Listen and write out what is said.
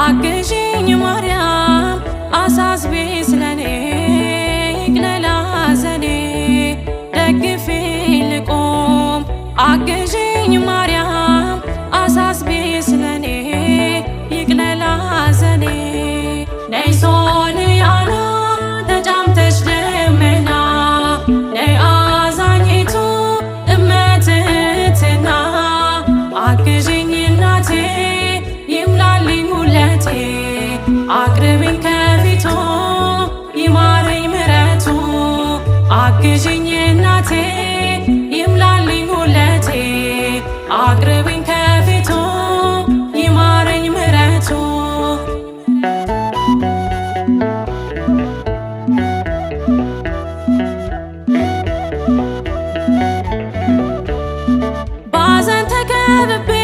አግዢኝ ማርያም አሳስቢ ስለኔ ለላዘኔ ደግፊኝ ልቆም አግዢኝ ማርያም አሳስቢ ስለኔ ይቅለላዘኔ ነይ ተጫምተሽ ደመና ነይ አዛኝቱ እመትትና አግዥኝ እናቴ ይምላልኝ ውለቴ አቅርብኝ ከፊቱ ይማረኝ ምረቱ ባዘን ተከብቤ